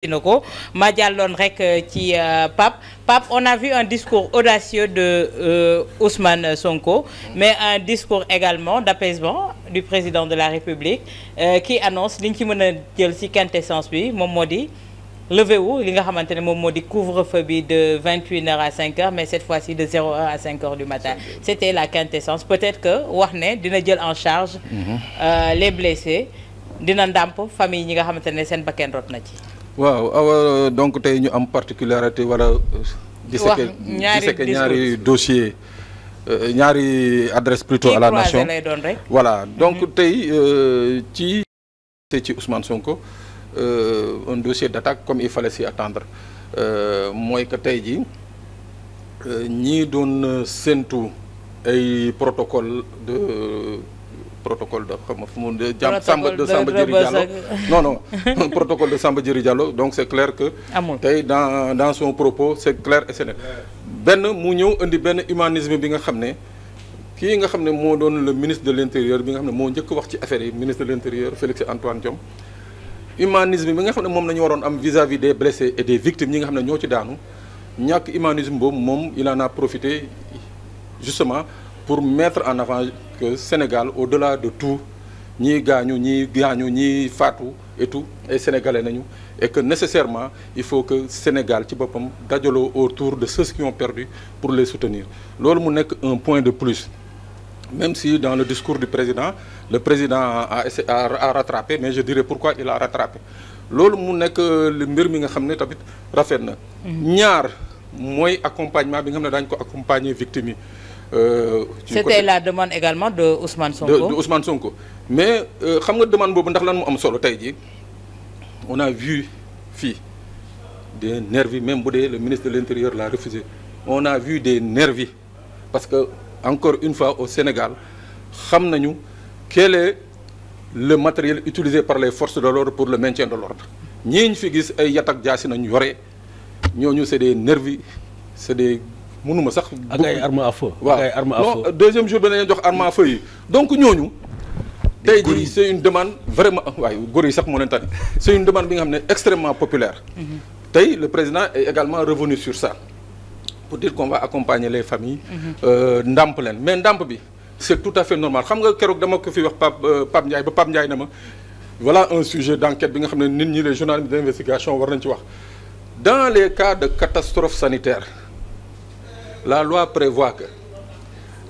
ko ma loon rek euh, ci euh, pap Pape on a vu un discours audacieux de euh, Ousmane Sonko mais un discours également d'apaisement du président de la République euh, qui annonce li ñu ci mën a jël ci quintessence bi moom moo di levé wu li nga xamante ne moom moo di couvre-feu bi de vingt et heures à cinq heures mais cette fois-ci de zéro heure à cinq heures du matin c'était la quintessence peut-être que wax ne dina jël en charge mhm. euh, les blessés dina ndàmp famille ñi nga xamante ne seen bakkan rot ci waaw awa euh, donc tey ñu am particularité wala a euh, disséquer disséquer ñaari dossier ñaari euh, adresse pluto à la nation lay doon rek voilà donc mhm. tey ci ci Ousmane Sonko un dossier d'attaque comme il fallait s'y attendre mooy que tey ji ñii doon séentu ay protocole de protocole de xam nga fu mu de jàmm Samba de Samba Diéry non non protocole de Samba Diéry Diallo donc c'est clair que tey dans dans son propos c'est clair et c'est benn mu ñëw indi benn humanisme bi nga xam ne kii nga xam ne moo doon le ministre de l'intérieur bi nga xam ne moo njëkk wax ci affaire yi ministre de l'intérieur Félix Antoine Diome humanisme bi nga xam ne moom nañu waroon am vis-à-vis des blessés et des victimes ñi nga xam ne ñoo ci daanu ñàkk humanisme boobu moom il profité justement pour mettre en avant que Sénégal au-delà de tout ñi gaañu ñi gaañu ñii faatu et tout sénégalais nañu et que nécessairement il faut que Sénégal ci boppam dajaloo autour de ceux qui ont perdu pour les soutenir loolu mu nekk un point de plus même si dans le discours du président le président a a rattrapé mais je dirais pourquoi il a rattrapé loolu mu nekk mbir mi nga xam ne tamit rafet na mm-hmm. ñaar mooy accompagnement bi nga xam ne daañu ko accompagner victimes Euh, c'était la demande également de Ousmane Sonko de, de Sonko mais euh, xam nga demande boobu ndax lan mu am solo tey jii on a vu fii des nervis même bu dee le ministre de l'intérieur l'a refusé on a vu des nervis parce que encore une fois au Sénégal xam nañu quel le matériel utilisé par les forces de l'ordre pour le maintien de l'ordre ñii ñu fi gis ay yatak jaasi nañu yore ñooñu c'est des nervis c'est des mënuma sax. ak ay armes à feu. waaw ay armes à feu non deuxième jour bi nañu jox armes à feu yi donc ñooñu. tey jii une demande vraiment waaye góor yi sax moo leen tànn c' une demande bi nga xam ne extrêmement populaire. Mhm. tey le président est également revenu sur ça pour dire qu'on va accompagner les familles. Mhm. Euh, ndàmp leen mais ndàmp bi c' tout à fait normal xam nga keroog dama ko fi wax Pape euh, Pape Ndiaye ba Pape Ndiaye na ma voilà un sujet d' enquête bi nga xam ne nit ñi les journalistes war nañ ci wax dans les cas de catastrophe sanitaire. la loi prévoit que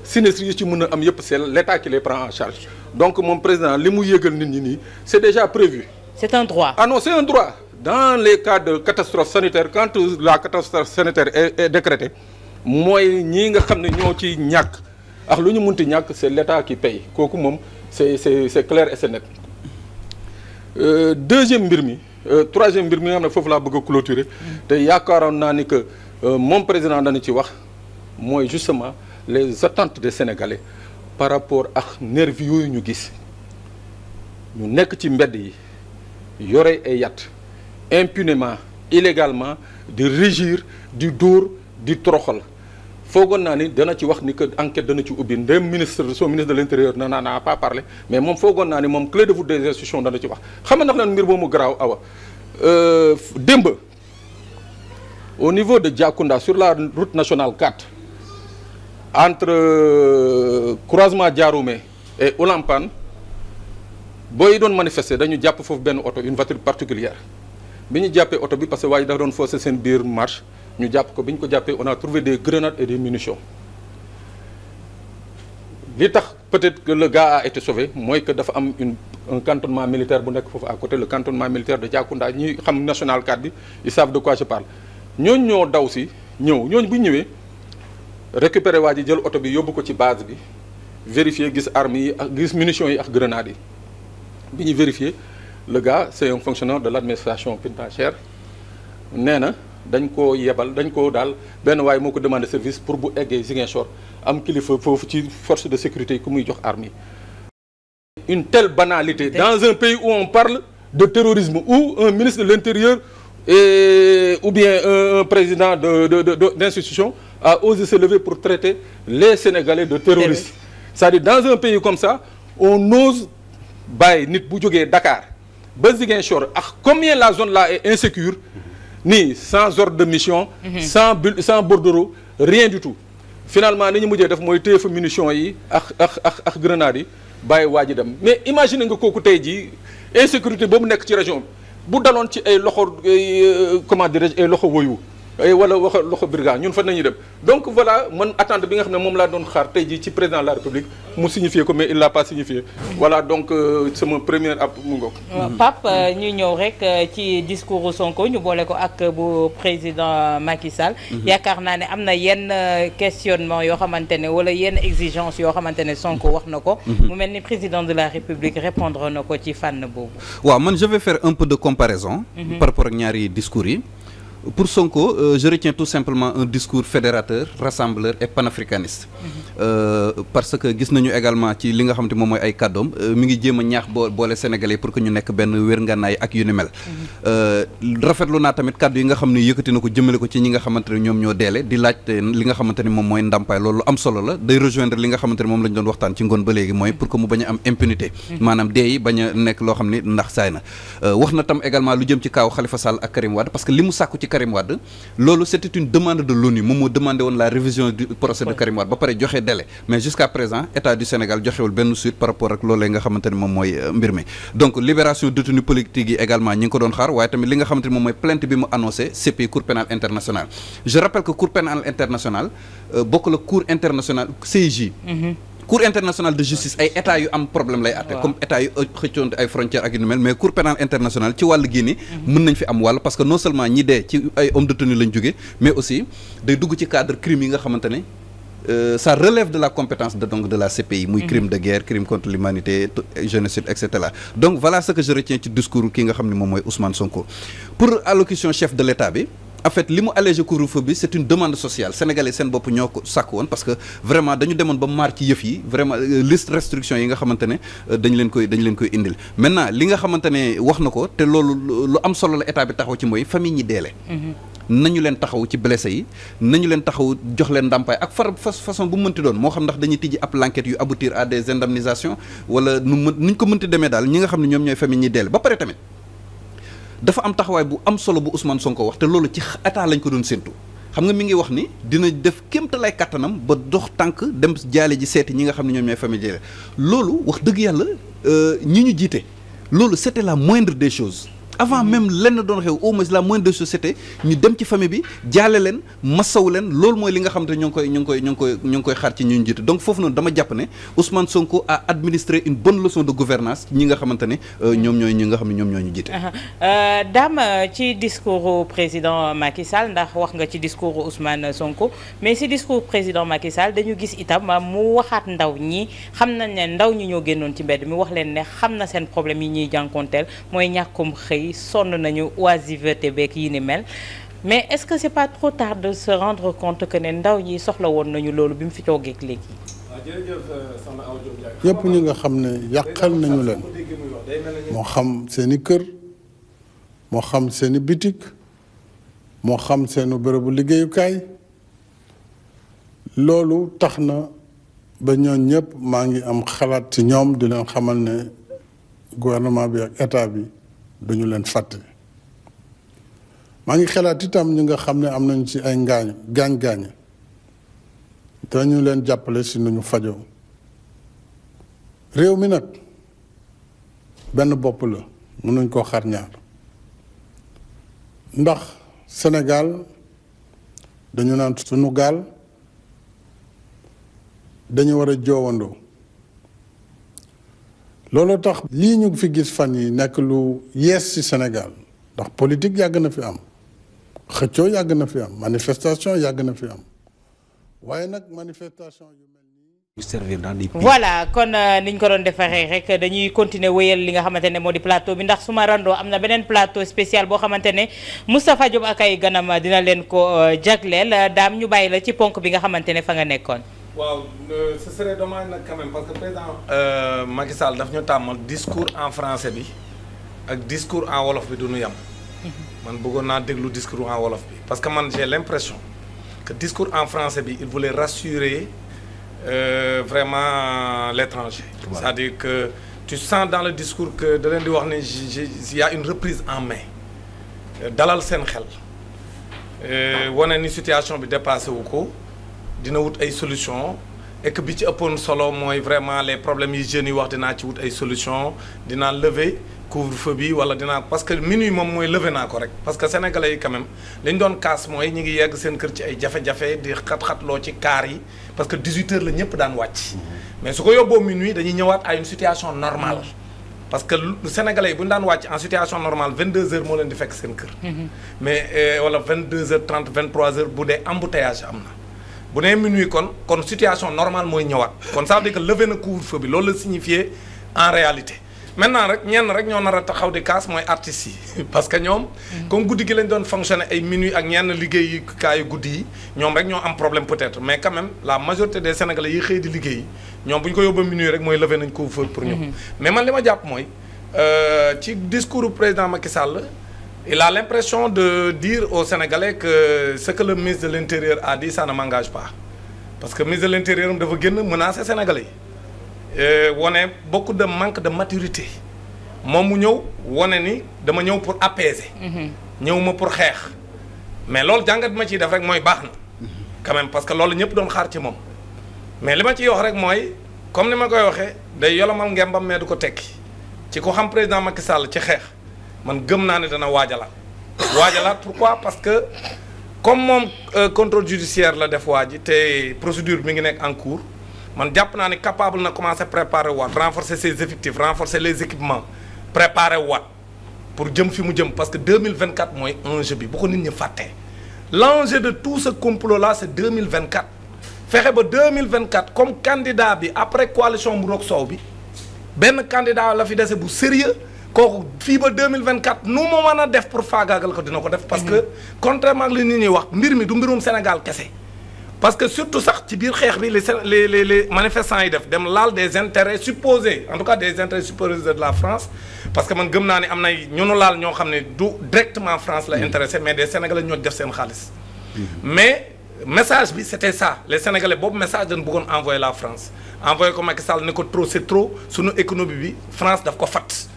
sinistre yi ci mun a am yëpp c'est l'État qui les prend en charge donc moom président li mu yëgal nit ñi nii c'est déjà prévu. c'est un droit. ah non c'est un droit dans les cas de catastrophe sanitaire quand la catastrophe sanitaire est, est mooy ñii nga xam ne ñoo ci ñàkk ak lu ñu munti ñàkk c'est l'État qui paye kooku moom c'est c'est c'est clair et c'est net euh, deuxième mbir mi euh, troisième mbir mi nga xam ne foofu laa bëgg a clôturer mm. te yaakaaroon naa ni que euh, moom président dana ci wax. mooy justement les attentes des Sénégalais par rapport ak nervi yooyu ñu gis ñu nekk ci mbedd yi yore ay yat impunément illégalement di régir di dóor di toroxal foogoon naa ni dana ci wax ni que enquête dana ci ubbi ndem ministre son ministre de l' na naa naa pas parlé mais moom foogoon naa ni moom clé de voûte des institutions dana ci wax xam nga ndax lan mbir moomu garaaw awa euh, démb au niveau de Diakounda sur la route national 4 entre euh, croisement Diaroumé et Oulampane booy doon manifester dañu jàpp foofu benn oto une voiture particulière bi ñu jàppee oto bi parce que waaye dafa doon forcer seen biir marche ñu jàpp ko bi ñu ko jàppee on a trouvé des grenades et des munitions li tax peut-être que le gars a été sauvé mooy que dafa am une un cantonnement militaire bu nekk foofu a côté le cantonnement militaire de Diakounda ñi xam national 4 bi ils savent de quoi je parle ñooñu ñoo daw si ñëw ñooñu bu ñëwee. récupéré waa ji jël oto bi yóbbu ko ci base bi vérifier gis armes yi ak gis munitions yi ak grenades yi bi ñu vérifier le gars c' est un fonctionnaire de l' administration pénitentiaire nee na dañ ko yebal dañ koo daal benn waaye moo ko demandé service pour bu eggee Ziguinchor am kilifa foofu ci force de sécurité yi ku muy jox armes yi une telle banalité dans un pays où on parle de terrorisme où un ministre de l'intérieur et ou bien un président de de d'institution de, a osé se lever pour traiter les Sénégalais de terroristes cest dire dans un pays comme ça on ose bàyyi nit bu jógee dakaar ba Ziguinchor ak combien la zone la est insécure ni sans ordre de mission sans mhm. bu sans bordereau rien du tout finalement ni ñu mujjee def mooy té fa munitions yi ak ak ak ak yi bàyyi waa ji dem mais imagine nga kooku tey jii insécurité boobu nekk ci région bu daloon ci ay loxo euh, comment dirais-je ay loxo woyu Eh, wala wax loxo birga ñun fan nañu dem donc voilà man attente bi nga xam ne moom laa doon xaar tey jii ci président de la république mu signifié ko mais il l'a pas signifié voilà donc euh, sama première euh, euh, rek ci discours Sonko ñu boole ko ak bu président Macky Sall mhm. yaakaar naa ne am na yenn questionnement yoo xamante ne wala yenn exigence yoo xamante ne Sonko wax na ko mhm. mu mel ni président de la république répondre na ko ci fànn boobu waaw man je vais faire un peu de comparaison mhm. par rapport ak pour Sonko euh, je tout simplement un discours fédérateur rassembleur et panafricaniste mhm. euh, parce que gis nañu également ci li nga xam te moom mooy ay kàddoom euh, mi ngi jéem a ñaax boo boole sénégalais pour que ñu nekk benn wér ngànnaay ak yu ni mel mhm. euh, naa tamit kàddu yi nga xam ne yëkkati na ko jëmale ko ci ñi nga xamante ñoom ñoo deele di laaj li nga xamante moom mooy ndàmpaay loolu am solo la day rejoindre li nga xamante moom lañ doon waxtaan a am impunité mhm. maanaam dee a Karim loolu c' était une demande de l'ONU moom moo demandé woon la révision du procès de Karim ba pare joxe délai mais jusqu' présent état du Sénégal joxewul benn suite par rapport ak loolu nga xamante ne moom mooy euh, mbir mi donc libération détenu politique yi également ñi ngi ko doon xaar waaye tamit li nga xamante ne moom mooy plainte bi mu annoncé CPI cour pénale internationale je rappelle que cour pénale internationale euh, bokk la cour cour internationale de justice ay état yu am problème lay àtte comme état yu xëccoonte ay frontières ak yu mel mais cour pénale internationale ci wàll gii mhm. mën nañ fi am wàll parce que non seulement ñi dee ci ay homme de tenue lañ jóge mais aussi day dugg ci cadre crime yi nga xamante ne euh, relève de la compétence de donc de la CPI muy mhm. crime de guerre crime contre l'humanité génocide et cetera donc voilà ce que ci discours ki nga xam ne moom en fait li mu allégé couvre-feu bi c'est une demande sociale sénégalais seen bopp ñoo ko sàkk woon parce que vraiment dañu demoon ba maar ci yëf yi vraiment euh, restriction yi nga xamante ne euh, dañ leen koy dañ leen koy indil maintenant li nga xamante ne wax na ko te loolu lu am solo la état bi taxaw ci mooy famille ñi deele mm-hmm. nañu leen taxaw ci blessé yi nañu leen taxaw jox leen ndàmpaay ak façon bu mu mënti doon moo xam ndax dañuy tijji ab l'enquête yu aboutir à des indemnisations ñoom ñooy famille ñi deele ba dafa am taxawaay bu am solo bu Ousmane ko wax te loolu ci état lañ ko doon séntu xam nga mi ngi wax ni dina def kéemtalaay kattanam ba dox tànk dem jaale ji seeti ñi nga xam ne ñoom ñooy famille loolu wax dëgg yàlla euh, ñi ñu jiite loolu c'était la moindre des chose avant même lenn doon xew au moins la moindre chose c'était ñu dem ci famille bi jaale leen massawu leen loolu mooy li nga xam te ñu ngi koy ñu ngi koy ñu ngi koy ñu ngi koy xaar ci ñu njiitu donc foofu noonu dama jàpp ne Ousmane Sonko a administré une bonne leçon de gouvernance ñi nga xamante ne euh, ñoom ñooy ñi nga xam ne ñoom ñooy ñu jiite. Euh, Dame ci discours président Macky Sall ndax wax nga ci discours Ousmane Sonko mais si discours président Macky Sall dañu gis itam mu waxaat ndaw ñi xam nañ ne ndaw ñi ñoo génnoon ci mbedd mi wax leen ne xam na seen problème yi ñuy jànkonteel mooy sonn nañu oisiveté beeg yi ni mel mais est-ce que c'est pas trop tard de se rendre compte que ne ndaw yi soxla woon nañu loolu bi mu fi toogee ak léegi. ñëpp euh, ñi nga xam ne yàqal nañu leen moo xam seeni kër moo xam seeni bitik moo xam seeni bërëbu liggéeyukaay loolu tax na ba ñoon ñëpp maa ngi am xalaat ci ñoom di leen xamal ne gouvernement bi ak état bi duñu leen fàtte maa ngi xalaat itam ñi nga xam ne am nañ ci ay ngaañ gaañ-gaañ dañu leen jàppale si nu ñu fajoo réew mi nag benn bopp la mun nañ koo xar ndax Sénégal dañu naan sunu gaal dañu war a joowandoo looloo tax lii ñu fi gis fan yi nekk lu yees ci Sénégal ndax politique yàgg na fi am xëccoo yàgg na fi am manifestation yàgg na fi am waaye nag manifestation yu mel nii servir dans des pays voilà kon euh, niñ ko doon defaree rek dañuy continuer wéyal li nga xamante ne moo di plateau bi ndax su randoo am na beneen plateau spécial boo xamante ne Moustapha Diop ak ay ganam dina leen ko euh, jagleel daam ñu bàyyi la ci ponk bi nga xamante ne fa nga nekkoon waaw euh, ce serait dommage nag quand même parce que président euh, Macky Sall daf ñu tàmmal discours en français bi ak discours en wolof bi du nu yem. Mhm. man bëggoon naa déglu discours en wolof bi parce que man j'ai l'impression que discours en français bi il voulait rassurer euh, vraiment euh, l'étranger voilà. à dire que tu sens dans le discours que da di wax ne il y a une reprise en main dalal seen xel wane ni situation bi dépassé wu ko dina wut ay solution et que bi ci ëppoon solo mooy vraiment les problèmes yi jeunes yi wax dinaa ci wut ay solution dinaa lever couvre-feu bi wala dinaa parce que minuit moom mooy lever naa ko rek parce que sénégalais yi quand même li ñu doon kaas mooy ñi ngi yegg seen kër ci ay jafe-jafe di xat-xatloo ci kaar yi parce que 18 heures la ñëpp daan wàcc mmh. mais su ko yóbboo minuit dañuy ñëwaat à une situation normale mmh. parce que sénégalais yi bu ñu daan wàcc en situation normale 22 heures moo leen di fekk seen kër mmh. mais euh, wala 22 heures am na bu nee minuit kon kon situation normale mooy ñëwaat kon ça veut dire que na couvre-feu bi loolu la signifié en réalité maintenant rek ñenn rek ñoo nar a taxaw di kaas mooy artistes yi parce que ñoom comme guddi gi lañ doon fonctionner ay minuit ak ñenn liggéeykaayu guddi yi ñoom rek ñoo am problème peut-être mais quand même la majorité de sénégalais yi xëy di liggéey ñoom bu ñu ko yóbboo minuit rek mooy levé nañ couvre-feu pour ñoom mhm. mais man li ma jàpp mooy euh, ci discours président Macky Sall il a l'impression de dire au Sénégalais que ce que le de l'Intérieur a dit ça ne m'engage pas parce que ministre de l'Intérieur dafa génn menacer Sénégalais yi wane beaucoup de manque de maturité moom mu ñëw wane ni dama ñëw pour apaiser. Mhm. ñëw ma pour xeex mais loolu jàngat bi ma ciy def rek mooy baax na mhm. quand même parce que loolu ñëpp doon xaar ci moom mais li ma ciy wax rek mooy comme ni ma koy waxee day yolomal ngembam mais du ko tekki ci ko xam président Macky Sall ci xeex. man gëm naa ne dana waaja la waajalaat waajalaat pourquoi parce que comme moom euh, contrôle judiciaire la def waa ji te procédure mi ngi nekk en cours man jàpp naa ne capable na commencer préparer waat renforcer ses effectifs renforcer les équipements préparer waat pour jëm fi mu jëm parce que 2024 mooy enjeu bi bu ko nit ñi fàttee l'enjeu de tout ce complot là c'est 2024 fexe ba 2024 comme candidat bi après coalition bu roog soow bi benn candidat la fi dese bu sérieux kooku fii ba deux mille vingt quatre nu mu mën a def pour faagaagal ko dina ko def. parce que contrairement ak li nit ñuy wax mbir mi du mbirum Sénégal kese. parce que surtout sax ci biir xeex bi les les les manifestants yi def dem laal des intérêts supposés en tout cas des intérêts supposés de la France parce que man gëm naa ne am na ñunu laal ñoo xam ne du directement France la mm. intéressé mais des Sénégalais ñoo def seen xaalis. Mm. mais message bi c'était ça les Sénégalais boobu message dañ bëggoon envoyer la France envoyer ko Macky Sall ne ko trop c'est trop sunu bi France daf ko fat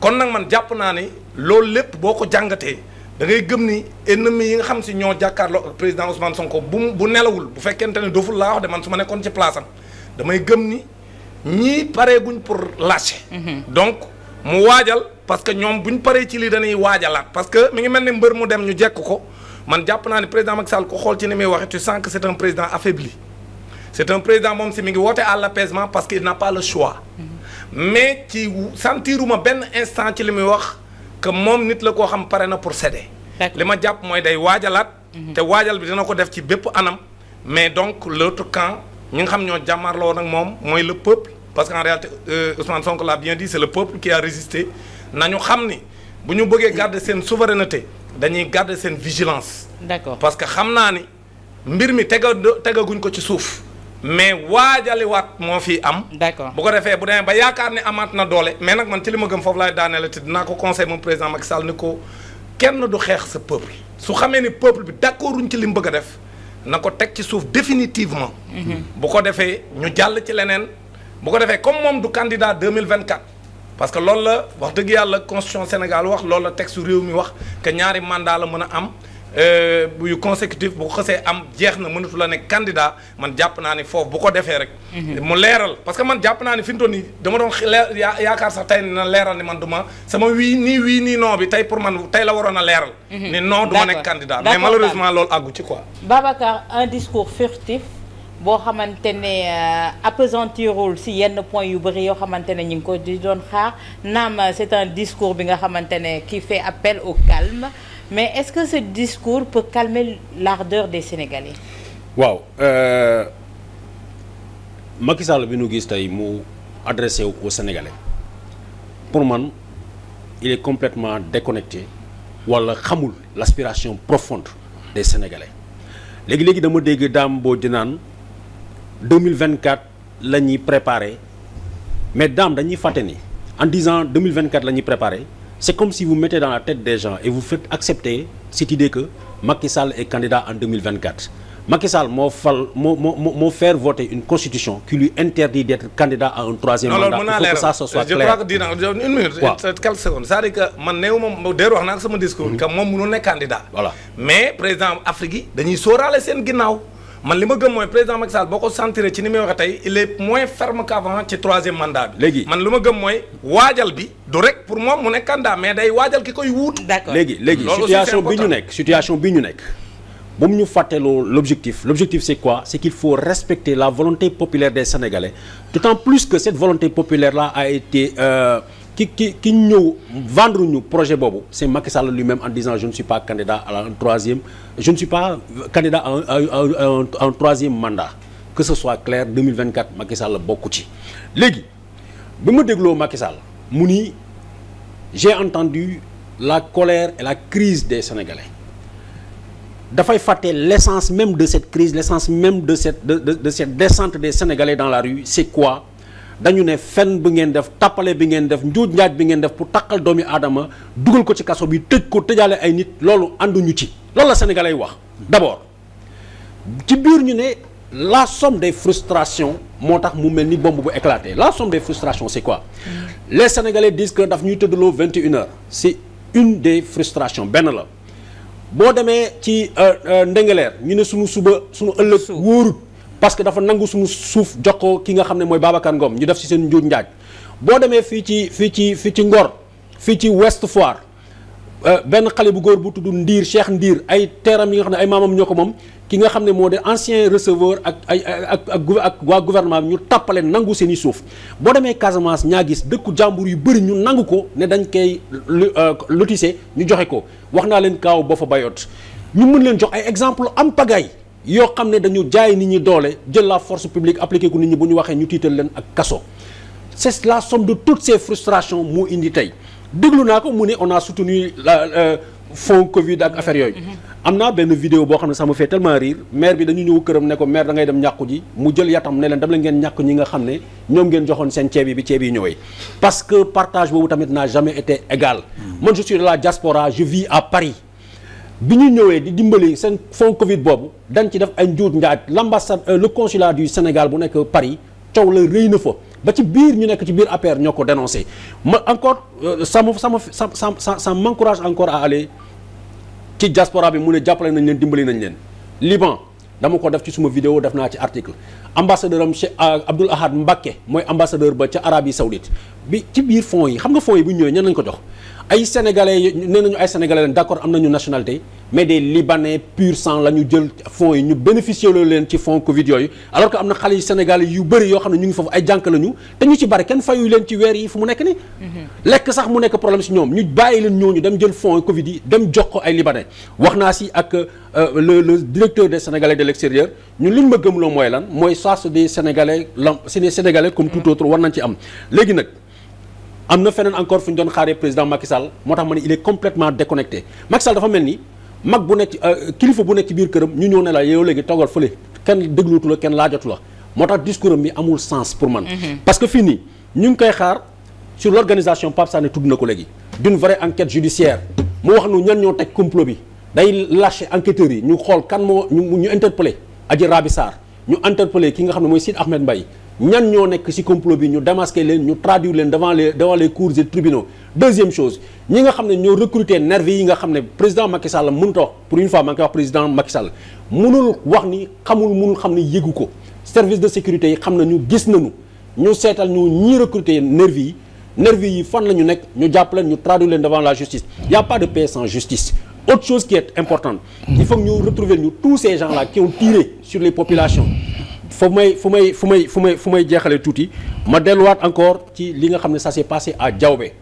kon nag man jàpp naa ni loolu lépp boo ko jàngatee da ngay gëm ni ennemi yi nga xam si ñoo jàkkaarloo ak président Ousmane Sonko bu bu nelawul bu fekkente ne doful laa wax de man su ma nekkoon ci place am damay gëm ni ñii pareeguñ pour lâcher. Mhm. donc mu waajal parce que ñoom buñ paree ci lii dañuy waajalaat parce que mi ngi mel ni mbër mu dem ñu jekk ko man jàpp naa ni président Macky Sall ko xool ci ni muy waxee tu sens c'est un président c'est un moom si mi ngi woote parce qu'il n'a pas mais ci sentiruma benn instant ci li muy wax que moom nit la koo xam pare na pour sede li ma jàpp mooy day waajalaat. Mhm. te waajal bi dina ko def ci bépp anam. mais donc l'autre camp ñi nga xam ñoo jàmmarloo nag moom mooy le peuple parce que en réalité euh, Ousmane Sonko l'a bien dit c'est le peuple qui a résisté nañu xam ni bu ñu bëggee garder seen souveraineté dañuy garder seen vigilance. d'accord parce que xam naa ni mbir mi tega tegaguñ ko ci suuf. mais waa waajaliwaat moo fi am. d'accord bu ko defee bu demee ba yaakaar ne amaat na doole. mais nag man ci li ma gëm foofu laay daaneel te dinaa ko conseil moom président Macky Sall ni ko kenn du xeex sa peuple. su xamee ni peuple bi d'accorduñ ci li mu bëgg a def na ko teg ci suuf définitivement. Mhm. bu ko defee ñu jàll ci leneen. bu ko defee comme moom du candidat 2024 parce que loolu la wax dëgg yàlla constitution Sénégal wax loolu la texte réew mi wax que ñaari mandat la mën a am. Euh, yu consécutif bu xësee am jeex na mënatu la nekk candidat man jàpp naa ne foofu bu ko defee rek. Mhm. mu leeral parce que man jàpp naa ne fi mu toll nii dama doon leer yaakaar sax tey na leeral ni man duma sama wii nii wii nii non bi tey pour man tey la waroon a leeral. Mhm. ni non du ma nekk candidat mais malheureusement loolu àggu ci quoi. Babacar un discours furtif boo xamante ne euh, appesantirul si yenn point yu bëri yoo xamante ne ñu ngi ko di doon xaar naam c'est un discours bi nga xamante ne qui fait appel au calme. mais est-ce que ce discours peut calmer l'ardeur des Sénégalais waaw euh, Macky Sall bi nu gis tey mu adressé wu aux Sénégalais pour man il est complètement déconnecté wala xamul l'aspiration profonde de Sénégalais léegi-léegi dama dégg daam boo dinaan 2024 la ñuy préparé mais daam dañuy fàtte ni en disant 2024 la ñuy préparé c'est comme si vous mettez dans la tête des gens et vous faites accepter cette idée que Macky Sall est candidat en 2024 moo fal moo moo moo faire voter une constitution qui lui interdit d'être candidat à un troisième non, mandat. il faut que ça se soit clair que dina une minute. waaw quelques secondes c'est-à-dire que man néew mhm. moom déer ne candidat. mais président Afrique yi dañuy sóoraale seen ginnaaw. man li ma gën mooy président Macky Sall boo ko sentiré ci ni may tey il est moins ferme qu'avant ci troisième mandat bi. léegi man li ma gëm mooy waajal bi du rek pour moom mu ne candidat mais day waajal ki koy wuutu. d'accord léegi léegi situation bi ñu nekk situation bi ñu nekk. bu mu ñu fàtteloo l'objectif l'objectif c'est quoi c'est qu'il faut respecter la volonté populaire des Sénégalais d'autant plus que cette volonté populaire la a été. Euh, ki ki ki ñëw vendre ñu projet boobu c'est Macky Sall lui-même en disant je ne suis pas candidat à un troisième je ne suis pas candidat à un, à un, à un, à un troisième mandat que ce soit clair 2024 Macky bokku ci léegi bi ma dégloo Macky Sall mu ni j'ai entendu la colère et la crise des Sénégalais dafay fàtte l'essence même de cette crise l'essence même de cette de, de, de cette Sénégalais dans la rue c'est quoi dañu ne fenn bi ngeen def tappale bi ngeen def njuut njaaj bi ngeen def pour takkal doomi aadama dugal ko ci kaso bi tëj ko tëjaale ay nit loolu ànduñu ci loolu la sénégalais wax d'abord ci biir ñu ne la somme des frustrations moo tax mu mel ni bomb bu éclaté la somme des frustrations c'est quoi les sénégalais disent que daf ñuy tëddaloo 21 heures c'est une des frustrations benn la boo demee ci euh, euh, ndengeleer ñu ne sunu suba sunu ëllëg wóorut parce que dafa nangu suñu suuf jox ko ki nga xam ne mooy Babacar Ngom ñu def si seen njuuj njaaj boo demee fii ci fii ci fii ci Ngor fii ci West Foire euh, benn xale bu góor bu tuddu Ndiir Cheikh Ndiir ay teeram yi nga xam ne ay maamam ñoo ko moom ki nga xam ne moo de ancien receveur ak ak ak waa gouvernement bi ñu tàppale nangu seen i suuf boo demee Casamance ñaa gis dëkku jàmbur yu bëri ñu nangu ko ne dañ koy euh, lotissé ñu joxe ko wax naa leen kaaw boo fa bayoot ñu mën leen jox ay exemple am pagaille yoo xam ne dañu jaay nit ñi doole jël la force publique appliqué ko nit ñi bu ñu waxee ñu tiital leen ak kaso c'est la somme de toutes ces frustrations moo indi tey déglu naa ko mu ne on a soutenu la euh, fonds Covid ak affaire yooyu. am naa benn vidéo boo xam ne ça me fait tellement maire bi dañu ñëw këram ne maire da dem ñàkku ji mu jël yatam ne leen ngeen ñàkk ñi nga xam ne ñoom ngeen joxoon seen ceeb yi bi ceeb yi ñëwee. parce que par boobu tamit n'a jamais été égal. Hmm. man je à Paris. bi ñu ñëwee di dimbali seen fonds Covid boobu dañ ci def ay njuut njaaj l'ambassade euh, le consulat du Sénégal bu nekk Paris coow la rëy na fa ba ci biir ñu nekk ci biir APR ñoo ko dénoncé ma encore sama euh, sama ça me ça ça ça m'encourage encore à ci diaspora bi mu jàppale nañ leen dimbali nañ leen Liban dama ko def ci suma vidéo def naa ci article ambassadeur am Cheikh euh, Abdoul Ahad Mbacké mooy ambassadeur ba ca Arabie Saoudite bi ci biir fonds yi xam nga fonds yi bu ñu ñëwee ñan lañ ko jox ay sénégalais nee nañu ay sénégalais leen d'accord am nañu nationalité mais des libanais pur sang la jël fonds yi ñu bénéficié loo leen ci fonds Covid yooyu alors que am na xale yu sénégalais yu bëri yoo xam ne ñu ngi foofu ay jànk lañu te ñu ci bari kenn fayu leen ci weer yi fu mu nekk ni mm-hmm. lekk sax mu nekk problème si ñoom ñu bàyyi leen ñoo ñu dem jël fonds Covid yi dem jox ko ay libanais wax naa si ak euh, le le directeur des sénégalais de l'extérieur li ñu ma gëm loo mooy lan mooy soit des sénégalais la c'est des mm-hmm. war nañ ci am léegi nag am na feneen encore fu ñu doon xaare président Macky Sall moo tax ma ne il est complètement déconnecté Macky dafa mel ni mag bu nekk euh, kilifa bu nekk ci biir këram ñu ñëw ne la yow léegi toggal fële kenn dégluutu la kenn laajatu la moo tax discours am bi amul sens pour man. Mhm. parce que fii nii ñu ngi koy xaar sur l'organisation Pape Sané tudd na ko léegi d'une vraie enquête judiciaire moo wax nu ñan ñoo teg complot bi day lâché enquêteurs yi ñu xool kan moo ñu ñu interpellé Adji Rabi Sarr ñu interpellé ki nga xam ne mooy Sidi Ahmed Mbaye ñan ñoo nekk ci complot bi ñu démasquer leen ñu traduire leen devant les devant les cours et tribunaux deuxième chose ñi nga xam ne ñoo recruter nervi yi nga xam ne président Macky Sall mënut a wax pour une fois maa ngi koy wax président Macky Sall wax ni xamul mënul xam ne yëgu ko service de sécurité yi xam na ñu gis nañu ñu seetal ñu ñi recruter nervi yi nervi yi fan la ñu nekk ñu jàpp leen ñu traduire leen devant la justice il y a pas de paix sans justice autre il faut que ñu retrouver ñu tous ces gens là qui les populations fu may fu may fu may fu may fu may jeexalee tuuti ma delluwaat encore ci li nga xam ne ça s'est passé à Diaobé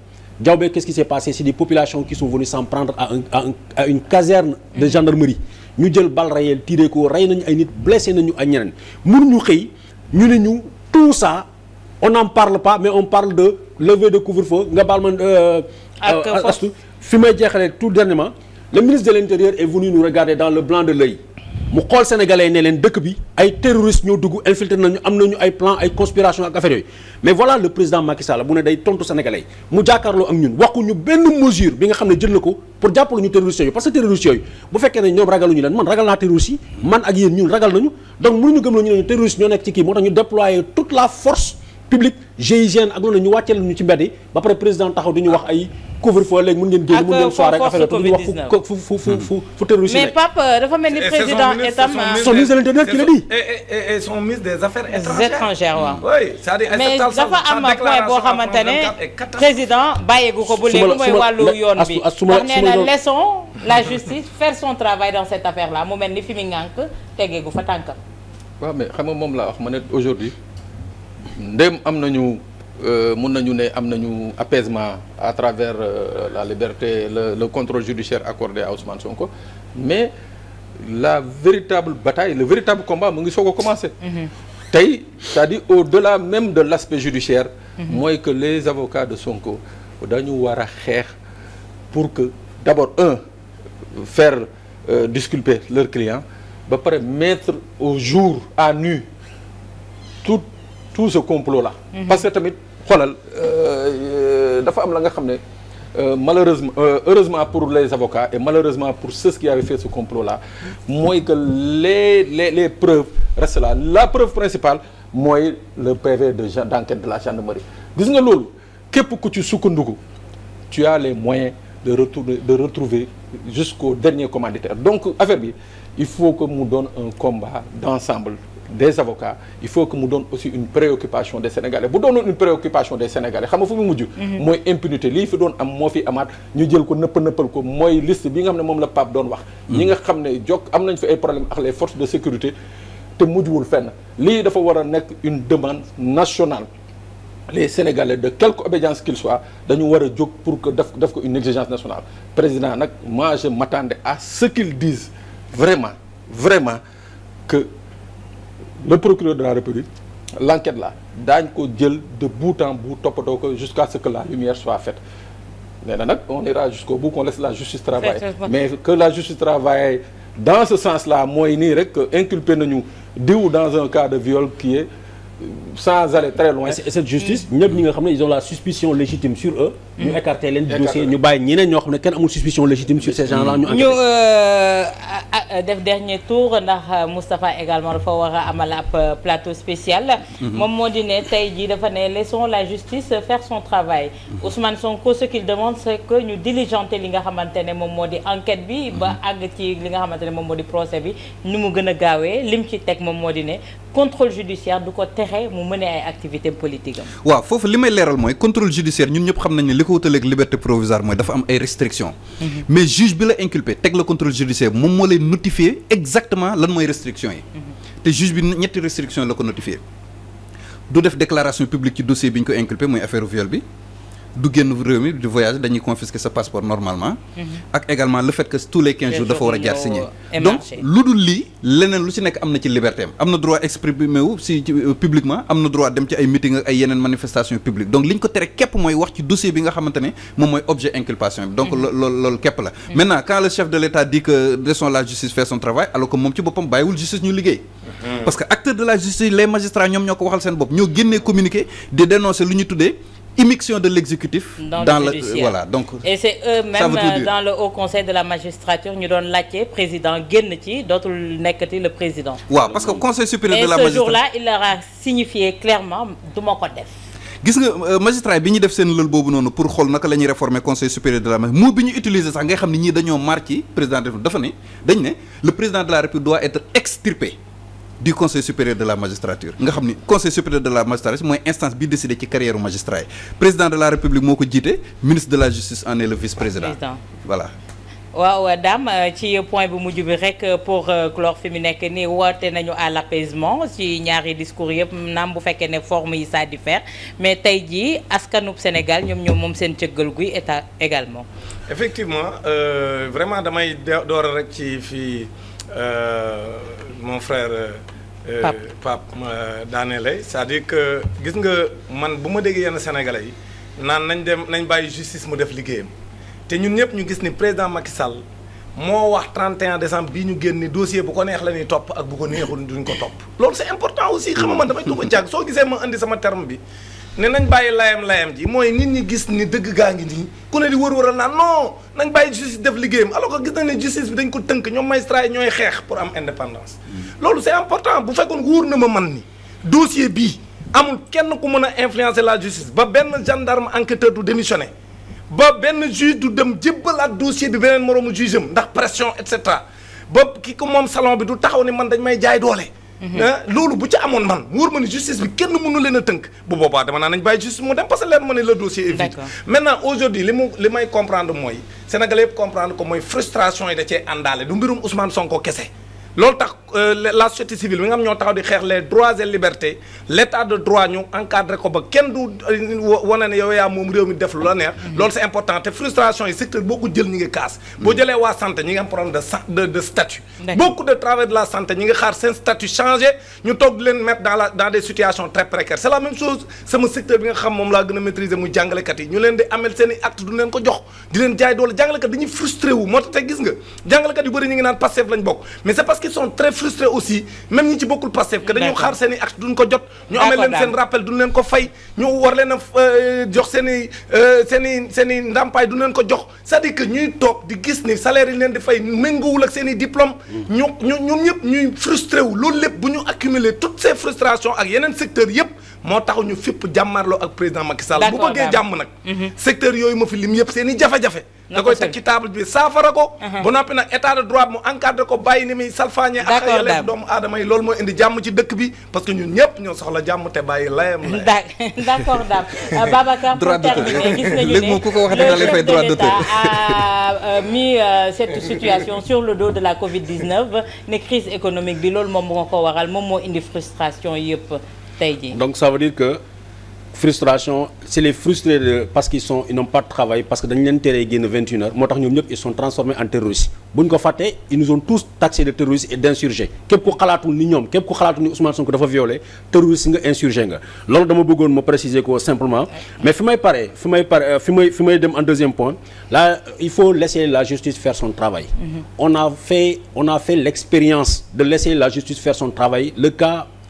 Diaobé qu'est-ce qui s'est passé c'est des populations qui sont venues s'en prendre à un à, un, à de gendarmerie ñu jël balle réelle tiré ko rey nañu ay nit blessé nañu ay ñeneen mënuñu xëy ñu ne ñu tout ça on n'en parle pas mais on parle de levée de couvre-feu nga baal ma euh, euh, astu fi may jeexalee tout dernièrement le ministre de l'intérieur est venu nous regarder dans le blanc de l'œil mu xool sénégalais ne leen dëkk bi ay terroristes ñoo dugg infiltré nañu am nañu ay plan ay conspiration ak affaire yooyu mais voilà le président Macky Sall bu ne day tontu sénégalais mu jàkkaarloo ak ñun waxuñu benn mesure bi nga xam ne jël na ko pour jàppale ñu terroristes yooyu parce que terroristes yooyu bu fekkee ne ñoom ragaluñu leen man ragal naa terroristes yi man ak yéen ñun ragal nañu donc mënuñu gëm la ñu ne terroristes ñoo nekk ci kii moo tax ñu déployer la force publique GIGN ak loolu ñu wàcceel ñu ci mbedd ba pare taxaw di ñu wax ay couvre-feu léegi mën ngeen génn mën ngeen soirée ak euh, affaire ñu wax fu fu fu fu fu terroriste mais Pape euh, dafa mel ni président itam son ministre de l'intérieur qui l'a dit son ministre des affaires étrangères mais dafa am président bàyyeegu ko ba léegi mooy wàllu yoon bi na la justice faire son travail dans cette affaire là mu ni fi mu ngànk tegeegu fa tànkam moom laa wax ma ndem am nañu euh, mun nañu ne am nañu apaisement à travers euh, la liberté le, le contrôle judiciaire accordé à Ousmane Sonko mais la véritable bataille le véritable combat mu ngi soo a commencé mhm. tey c'est-à-dire au-delà même de l'aspect judiciaire mhm. mooy que les avocats de Sonko dañu war a xeex pour que d'abord un faire euh, disculper leur client ba pare mettre au jour à nu tout ce complot là. Mhm. parce que tamit xoolal euh, dafa am la nga xam ne euh, malheureusement euh, heureusement pour les avocats et malheureusement pour ceux qui avaient fait ce complot là mooy que les les les preuves restent là la preuve principale mooy le PV de d' enquête de la gendarmerie gis nga loolu képp ku ci sukkandiku tu as les moyens de retourner de retrouver jusqu'au dernier commanditaire donc affaire bi il faut que mu doon un combat d' des avocats il faut que mu doon aussi une préoccupation de sénégalais bu doonoon une préoccupation des sénégalais xam nga fu mu mujj. Mhm. mooy impunité lii fi doon am moo fi amaat ñu jël ko nëpp nëppal ko mooy liste bi nga xam ne moom la Pape doon wax. ñi nga xam ne jokk am nañ fi ay problèmes ak les forces de sécurité te mujjwul fenn lii dafa war a nekk une demande nationale. les sénégalais de quelque obédience qu'il soit dañu war a jog pour que def def ko une exigence nationale président nag moi je à ce qu'ils disent vraiment vraiment le procureur de la République l'enquête là daañ ko jël de bout en bout toppatoo ko jusqu'à ce que la lumière soit faite nee na nag on ira jusqu'au bout qu'on laisse la justice travailler mais que la justice travaille dans ce sens là mooy nii rek inculpé nañu diw dans un cas de viol qui est sans aller très loin. et cette justice mm. ñëpp ñi nga xam ne ils ont la suspicion légitime sur eux. ñu mm. écarté leen du dossier ñu bàyyi ñeneen ñoo xam ne kenn amul suspicion légitime sur ces gens-là ñu. ñu euh, dernier tour ndax euh, Moustapha également dafa war a amal euh, plateau spécial. Mhm. moom moo di tey jii dafa ne laissons la justice faire son travail. Mhm. Ousmane Sonko ce qu'il demande c'est que ñu diligenter li nga xamante ne moom moo di enquête bi. Mhm. ba àgg ci li nga xamante ne moom moo di procès bi ni mu gën a gaawee lim ci teg moom moo di fexe mu mëne ay activité politique waaw foofu li may leeral mooy contrôle judiciaire ñun ñëpp xam nañ ne li ko wutaleeg liberté provisoire mooy dafa am ay restrictions mhm. mais juge bi la inculpé teg la contrôle judiciaire moom moo lay notifier exactement lan mooy restrictions yi mhm. te juge bi ñetti restrictions la ko notifier du def déclaration publique ci dossier bi ñu ko inculpé mooy affaire viol bi du génn réew mi voyage dañuy confisquer sa passeport normalement. Mhm. ak également le fait que tous les 15 jours dafa war a jaar signé. donc lu dul lii leneen lu ci nekk am na ci liberté am. am na droit exprimer si euh, publiquement am na droit dem ci ay meeting ak yeneen manifestation publique donc li ñu ko tere képp mooy wax ci dossier bi nga xamante ne moom mooy objet inculpation bi. donc mhm. loolu loolu képp la. Mhm. maintenant quand chef de l'État dit que laissons immixtion de l'exécutif dans, dans le, le voilà donc et c'est eux-mêmes dans le haut conseil de la magistrature ñu doon laajte président génn ci dootul nekkati le président waaw parce que conseil supérieur de la magistrature ce jour-là il leur a signifié clairement du ma ko def gis nga euh, magistrat bi ñu def seen lël boobu noonu pour xool naka la ñuy réformer conseil supérieur de la magistrature moo bi ñu utiliser sax ngay xam ne ñii dañoo marqué président de di conseil supérieur de la magistrature nga xam ni conseil supérieur de la magistrature mooy instance bi décidé ci carrière magistrat yi président de la république moo ko jiite ministre de la justice en est président voilà waaw Dame euh, ci point bi mujj bi rek euh, pour euh, clore fi mu nekk nii woote nañu à l'apaisement ci ñaari discours yëpp naam bu fekkee ne forme yi ça diffère mais tey jii askanub Sénégal ñoom ñoom moom seen cëggal guy état également effectivement vraiment damay door rek ci Euh, mon frère. Euh, euh, Pape Pape daane lay c'est-à-dire que gis nga man bu ma déggee yenn Sénégalais yi naan nañ dem nañ bàyyi justice mu def liggéeyam te ñun ñëpp ñu gis ni président Macky Sall moo wax 31 décembre bi ñu génn ni bu ko neex la ñuy topp ak bu ko neexul duñ ko topp. loolu c'est important aussi xam nga man damay dugg a jàng soo gisee ma indi sama terme bi. ne nañ bàyyi layam layam ji mooy nit ñi gis ni dëgg gaa ngi nii ku ne di wër-wëral naan non nañ bàyyi justice def liggéeyam alors que gis nañ ne justice bi dañ ko tënk ñoo magistrat yi ñooy xeex pour am indépendance. Mm. loolu c'est important bu fekkoon wóor na ma man ni dossier bii amul kenn ku mën a influencer la justice ba benn gendarme enqueter du démissionné ba benn juge du dem jébbalaat dossier bi beneen moroomu juge am ndax pression et cetera ba ki ko moom salon bi du taxaw ni man dañ may jaay doole. Mhm. Eh, loolu bu ci amoon man wóor ma ne justice bi kenn mënu leen a tënk bu boobaa dama naa nañ bàyyi justice mu dem parce que leer ma ne le dossier est vide aujourd'hui li mu comprendre mooy sénégalais yëpp comprendre ko mooy frustration yi da cee àndaale du mbirum Ousmane Sonko kese loolu tax euh, la société civile bi nga xam ñoo taxaw di xeex les droits et libertés l' de droit ñu encadré ko ba kenn du euh, wane ne yow yaa moom réew mi def lu la neex. loolu c' important te frustration yi secteur boo ko jël ñi ngi kaas. boo jëlee waa santé ñi ngi de de de statut. beaucoup de travail de la santé ñi ngi xaar seen statut changé ñu toog leen mettre dans la dans des situations très précaires c' la même chose sama secteur bi nga xam moom laa gën a maîtriser muy jàngalekat yi ñu leen di amel seen i acte du leen qu'ils sont très frustrés aussi même ñi ci bokkul Pastef que dañu xaar seen i acte duñ ko jot ñu amee leen seen rappel duñ leen ko fay ñu war leen a euh, jox seen euh, i seen i seen i ndàmpaay duñ leen ko jox sa di dire ñuy toog di gis ni salaire yi leen di fay méngoowul ak seen i diplôme ñu ñu ñoom ñëpp ñu frustré wu loolu lépp bu ñu accumuler toutes ces frustrations ak yeneen secteurs yëpp moo taxu ñu fépp jàmmarloo ak président Macky Sall bu bëggee jàmm nag mhm. secteur yooyu ma fi lim yëpp seen i jafe-jafe da koy teg ci table bi saafara ko mhm. ba noppi nag état de droit mu encadré ko bàyyi ni muy salfaañee ak yàlla doomu aadama yi loolu mooy indi jàmm ci dëkk bi parce que ñun ñëpp ñoo soxla jàmm te bàyyi layam d' accord daam Babacar pour ko wax nañu ne le chef de l'État a euh, mis euh, cette situation sur le dos la Covid 19 ne crise bi loolu moom moo ko waral moom moo indi frustration yëpp tey donc ça veut dire que frustration c'est les frustrés parce qu'ils sont ils n'ont pas de parce que dañu leen teree génn 21 heures moo tax ñoom ñëpp ils sont transformés en terroristes bu ñu ko fàttee ils nous tous taxés de terroristes et d'insurgés képp ku xalaatul ni ñoom képp ku xalaatul ni Ousmane Sonko dafa violé terroriste nga insurgé nga loolu dama bëggoon ma préciser ko simplement mais fi may paree fi may pare fi may dem en deuxième point la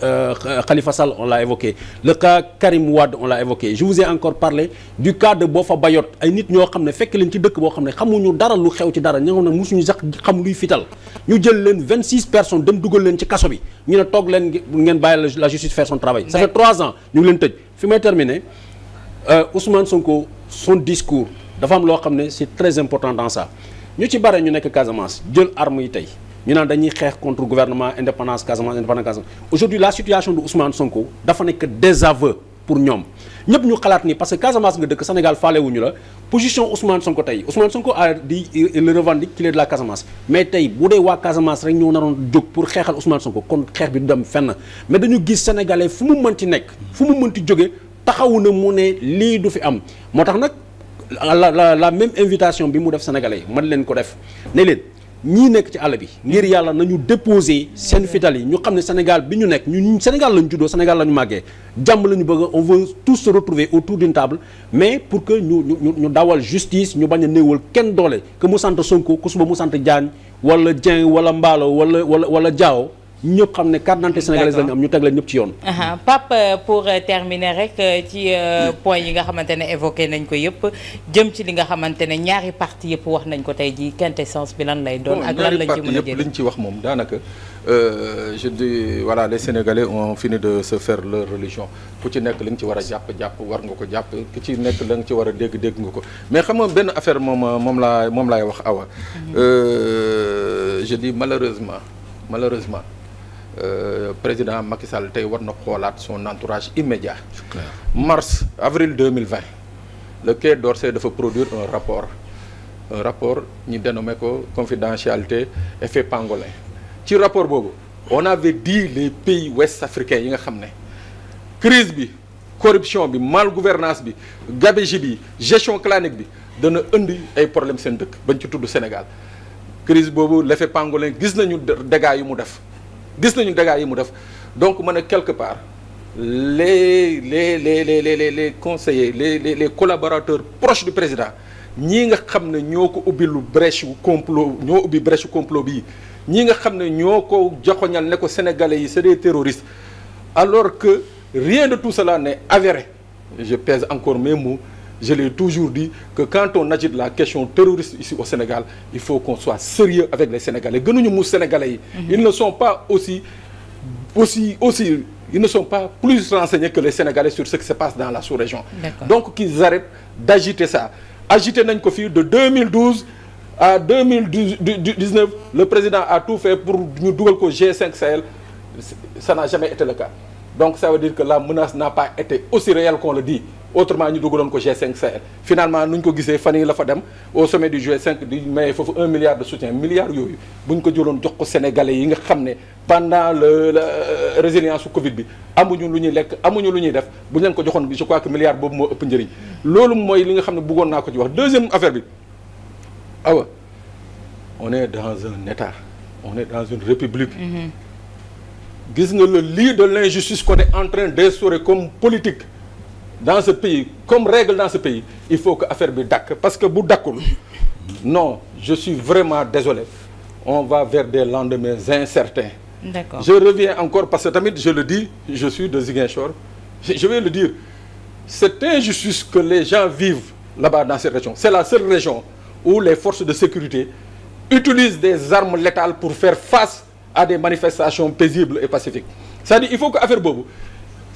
euh, Khalifa Sall, on l'a évoqué. Le cas Karim Wade, on l'a évoqué. Je vous ai encore parlé du cas de fa Bayot. ay nit ñoo xam ne fekk leen ci dëkk boo xam ne xamuñu dara lu xew ci dara ñoo xam ne musuñu sax xam luy fital ñu jël leen 26 personnes dem dugal leen ci kaso bi ñu ne toog leen ngeen bàyyi la justice faire son travail. ça fait 3 ans ñu ngi leen tëj. fi may terminer euh, Ousmane Sonko son discours dafa am loo xam ne c'est très important dans ça ñu ci bare ñu nekk Casamance jël armes yi tey. ñu naan dañuy xeex contre gouvernement indépendance Casamance indépendance Casamance aujourd'hui la situation de Ousmane Sonko dafa nekk désaveu pour ñoom ñëpp ñu xalaat ni parce que Casamance nga dëkk Sénégal faalewuñu la position Ousmane Sonko tey Ousmane Sonko a di le revendique qu'il est de la Casamance mais tey bu dee waa Casamance rek ñoo naroon jóg pour xeexal Ousmane Sonko kon xeex bi du dem fenn mais dañu gis sénégalais fu mu mënti nekk fu mu mënti jóge taxawu na mu ne lii du fi am moo tax nag la la la même invitation bi mu def sénégalais yi leen ko def ne leen. ñii nekk ci àll bi ngir yàlla na ñu déposer seen fital yi ñu xam ne Sénégal bi ñu nekk ñu Sénégal lañu juddoo Sénégal lañu màggee jàmm lañu bëgg on veut tous se retrouver autour d'une table mais pour que ñu ñu ñu dawal justice ñu bañ a néewal kenn doole que mu sant Sonko ku suba mu sant Diagne wala Dieng wala Mballo wala wala wala Diao ñëpp xam ne carte d'identité sénégalaise la ñu am ñu teg leen ñëpp ci yoon. Pape pour terminer rek euh, ci euh, point yi nga xamante ne évoqué nañ ko yëpp jëm ci li nga xamante ne ñaari parti yëpp wax nañ ko tey jii quintessence bi lan lay doon. ak lan lañ ci mën a jël liñ ci wax moom daanaka euh, je dis voilà les sénégalais ont fini de se faire leur religion ku ci nekk li nga ci war a jàpp jàpp war nga ko jàpp ku ci nekk la nga ci war a dégg dégg nga ko mais xam nga benn affaire moom moom laa moom laay wax awa mhm. je dis malheureusement malheureusement. Euh, président Macky Sall tey war na xoolaat son entourage immédiat. mars avril 2020 le Quai d'Orsay dafa produire un rapport un rapport ñu dénommé ko confidentialité effet pangolin ci rapport boobu on avait dit les pays ouest africains yi nga xam ne crise bi corruption bi mal gouvernance bi gabegie bi gestion clanique bi dana indi ay problème seen dëkk bañ ci tudd Sénégal crise boobu l'effet pangolin gis nañu dégâts yi mu def gis nañu dégâts yi mu def donc mën a quelque part les les les les les les conseillers les les les collaborateurs proches du président ñii nga xam ne ñoo ko ubbi lu brèche wu complot ñoo ubbi brèche wu complot bii ñii nga xam ne ñoo ko joxoñal ne ko sénégalais yi c'est des terroristes alors que rien de tout cela n'est avéré je pèse encore mes mots je l'ai toujours dit que quand la question terroriste ici au Sénégal il faut qu'on soit sérieux avec les Sénégalais gënuñu mu Sénégalais mhm. aussi aussi aussi ils ne sont pas plus renseignés que les Sénégalais sur ce qui se passe dans la sous-région donc qu'ils arrêtent d'agiter ça agité nañ ko de 2012 à le président a tout fait pour ñu dugal ko G5 Sahel la menace n'a pas été autrement ñu dugaloon ko G5 Sahel finalement nu ñu ko gisee fan la fa dem au sommet du G5 di maye foofu un milliard de soutien milliards yooyu bu ñu ko jëloon jox ko sénégalais yi nga xam ne pendant le euh, résilience Covid bi amuñu lu ñuy lekk amuñu lu ñuy def bu ñu leen ko joxoon je crois que milliard boobu moo ëpp njëriñ loolu mooy li nga xam ne bëggoon naa ko ci wax deuxième affaire bi awa on dans un état on dans une république mm-hmm. gis nga le lit de l'injustice qu'on est en train dans ce pays comme règle dans ce pays il faut que affaire bi dakk parce que bu dakkul non je suis vraiment désolé on va vers des lendemains incertains. D'accord. je reviens encore parce que tamit je le dis je de Ziguinchor je vais le dire cette injustice que les gens vivent là-bas dans cette région c'est la seule région où les forces de sécurité utilisent des armes létales pour faire face à des manifestations paisibles et pacifiques c'est-à-dire il faut que affaire boobu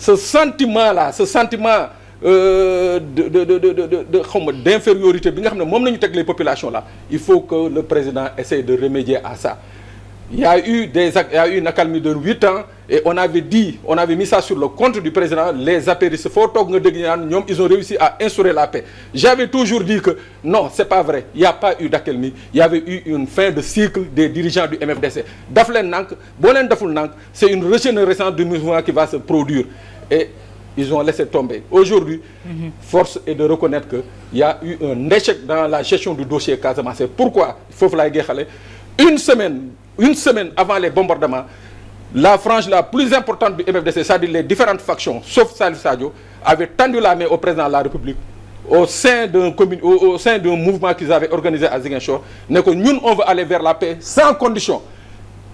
ce sentiment la ce sentiment euh, de de de de de xaw ma d'infériorité bi nga xam ne moom nañu teg les populations la il faut que le président essaye de remédier à ça il y a eu des il y a eu une de huit ans et on avait dit on avait mis ça sur le compte du président les apéristes foo toog nga dégg ñu naan ñoom à instaurer la paix j'avais toujours dit que non c'est pas vrai il y a pas eu d'accalmie il y avait eu une fin de cycle des dirigeants du MFDC daf leen nank boo leen deful nank c'est une régénérescence du mouvement qui va se produire et ils ont laissé tomber aujourd'hui mm-hmm. force est de reconnaître que il y a eu un échec dans la gestion du dossier Casamance pourquoi foofu laay geexale une une semaine avant les la frange la plus importante du MFDC, c'est-à-dire les différentes factions, sauf Salif Sadio, avait tendu la main au président de la République au sein d'un au, au sein d'un mouvement qu'ils avaient organisé à Ziguinchor, ne que nous, on veut aller vers la paix sans condition.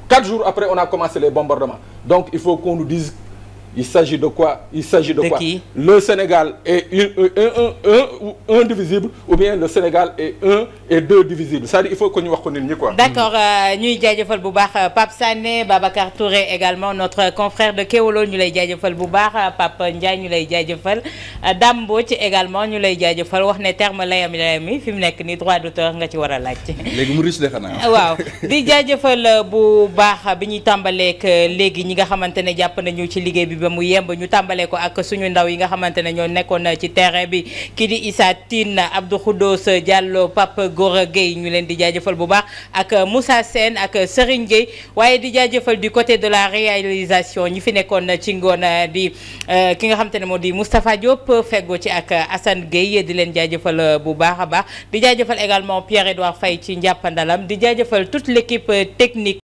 Quatre jours après, on a commencé les bombardements. Donc, il faut qu'on nous dise il s'agit de quoi il s'agit de, de quoi qui? le Sénégal est un un un, un divisible ou bien le Sénégal est un et deux divisible c'est-à-dire il faut que ñu wax ko nit ñi quoi. d'accord euh, ñuy jaajëfal bu baax euh, Pape Sané Babacar Touré également notre confrère de Kewoulo ñu lay jaajëfal bu baax euh, Pape Ndiaye ñu lay jaajëfal Dame Mbodj également ñu lay jaajëfal wax ne terme layam layam yi fi mu nekk nii droit d'auteur nga ci war a laaj. léegi mu riche nga xamante ne jàpp nañu ba mu yemb ñu tàmbalee ko ak suñu ndaw yi nga xamante ne ñoo nekkoon ci terrain bi kii di Issa Tine Abdou Khoudos Diallo Pape Gora Gueye ñu leen di jaajëfal bu baax ak Moussa Sène ak Serigne Gueye waaye di jaajëfal du côté de la réalisation ñi fi nekkoon na ci ngoon di euh, ki nga xamante ne moo di Moustapha Diop feggoo ci ak Assane Gueye di leen jaajëfal bu baax a baax di jaajëfal également Pierre-Edouard Faye ci njàppandalam di jaajëfal toute l'équipe technique